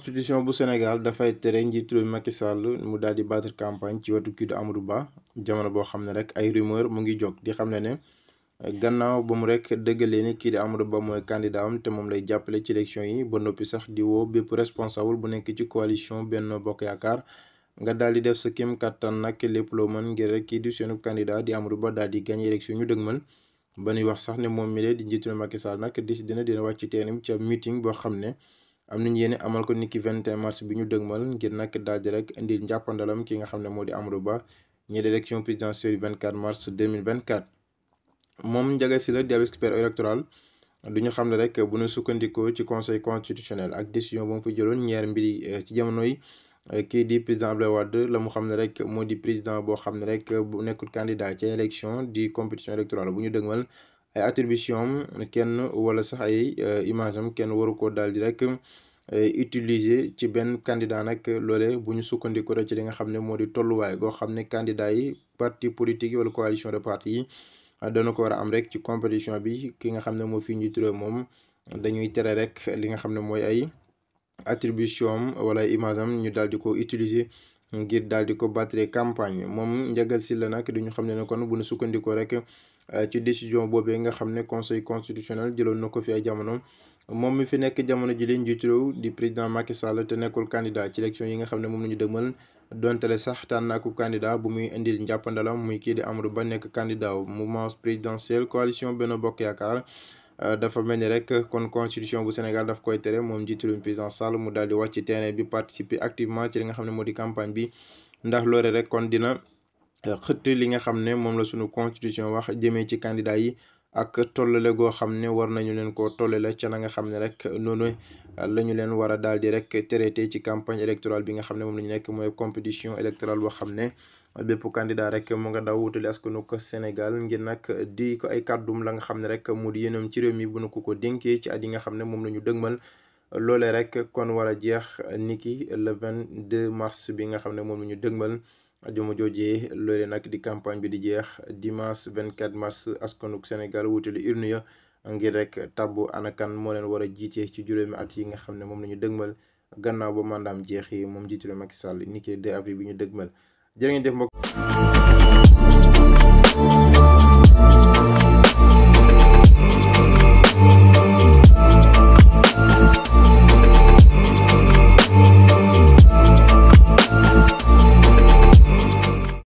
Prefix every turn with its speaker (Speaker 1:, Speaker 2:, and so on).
Speaker 1: constitution bu Sénégal dafay tere njiitu réew mi mu daal di battre campagne ci wetu kii di Ba jamono boo xam ne rek ay rumeur mu ngi jóg di xam ne ne gannaaw ba mu rek dëggalee ni kii di Amadou Ba mooy candidat am te moom lay jàppale ci élection yi ba noppi sax di woo bépp responsable bu nekk ci coalition benn Bokk Yaakaar nga daal di def sa kéem kattan nag lépp loo mën ngir rek kii di seenu candidat di Amadou Ba daal di gagné élection ñu dëgmal ba nuy wax sax ne moom mi di njiitu réew mi Macky Sall nag décidé na dina wàcc teenam ca meeting boo xam ne. am nañ yéene amal ko niki 21 mars bi ñu dëgmal ngir nag daal di rek indil ki nga xam ne moo di Amadou Ba ñi di élection présidentielle 24 mars 2024. moom Ndiaga Sylla di ab expert électoral du ñu xam ne rek bu ñu sukkandikoo ci conseil constitutionnel ak décision bu mu fi jëloon ñeer mbiri eh, ci jamono yi eh, kii di président Abdoulaye Wade la mu xam ne rek moo di président boo xam ne rek bu nekkul candidat ci élection di compétition électorale bu ñu dëgmal ay attribution am kenn wala sax ay euh, image am kenn waru ko daal di rek euh, utiliser ci benn candidat nag loole bu ñu sukkandiku rek ci li nga xam ne moo di tolluwaay goo xam ne candidat yi parti politique yi wala coalition de parti yi euh, dana ko war a am rek ci compétition bi ki nga xam ne moo fi njiitu réew moom dañuy tere rek li nga xam ne mooy ay atribution am wala image ñu daal di ko utiliser ngir daal di ko battre campagne moom Ndiaga Sylla nag du ñu xam ne ne kon bu ñu sukkandikoo rek Euh, ci décision boobee nga xam ne conseil constitutionnel jëloon na ko fi ay jamono moom mi fi nekk jamono ji leen njiitu di président Macky Sall te nekkul candidat ci élection yi nga xam ne moom la ñu dëgmal dontale sax tànn naa ko candidat bu muy indil njàppandalam muy kii di Amadou Ba nekk candidat wu mouvement présidentiel coalition benn Bokk Yaakaar euh, dafa mel ni rek kon constitution bu Sénégal daf koy tere moom njiitu réew président Sall mu daal di wàcc terrain bi participer activement ci li nga xam ne moo di campagne bi ndax xëtt li nga xam ne moom la sunu constitution wax jëmee ci candidat yi ak tollale goo xam ne war nañu leen ko tollale ca na nga xam ne rek noonu la ñu leen war a daal di rek traité ci campagne électorale bi nga xam ne moom la ñu nekk mooy compétition électorale boo xam ne bépp candidat rek mu nga daw wutali askanu ko Sénégal ngir nag di ko ay kàddum la nga xam ne rek mu di yéenam ci réew mi bu nu ko ko dénkee ci at yi nga xam ne moom la ñu dëgmal loolee rek kon war a jeex niki le 22 mars bi nga xam ne moom la ñu dëgmal ajuma joojee loole nag di campagne bi di jeex dimanche 24 mars askanuk Sénégal wutali urne ya ngir rek tabbu anakan moo leen war a jiite ci juróomi at yi nga xam ne moom la ñu dëgmal gannaaw ba mandaam jeex yi moom jiitu la Macky Sall ni ki 2 avril bi ñu dëgmal jërë ngeen jëf mbokk